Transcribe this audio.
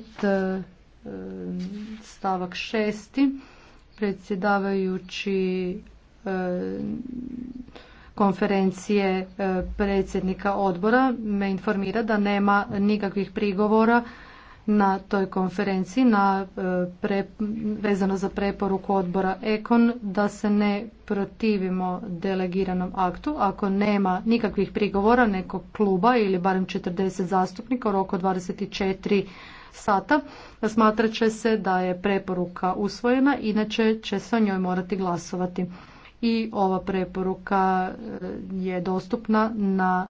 E, stavak šesti predsjedavajući e, konferencije e, predsjednika odbora me informira da nema nikakvih prigovora na toj konferenciji na e, vezano za preporuku odbora Ekon da se ne protivimo delegiranom aktu ako nema nikakvih prigovora nekog kluba ili barem 40 zastupnika u roku 24 sata smatrat će se da je preporuka usvojena inače će se o njoj morati glasovati i ova preporuka e, je dostupna na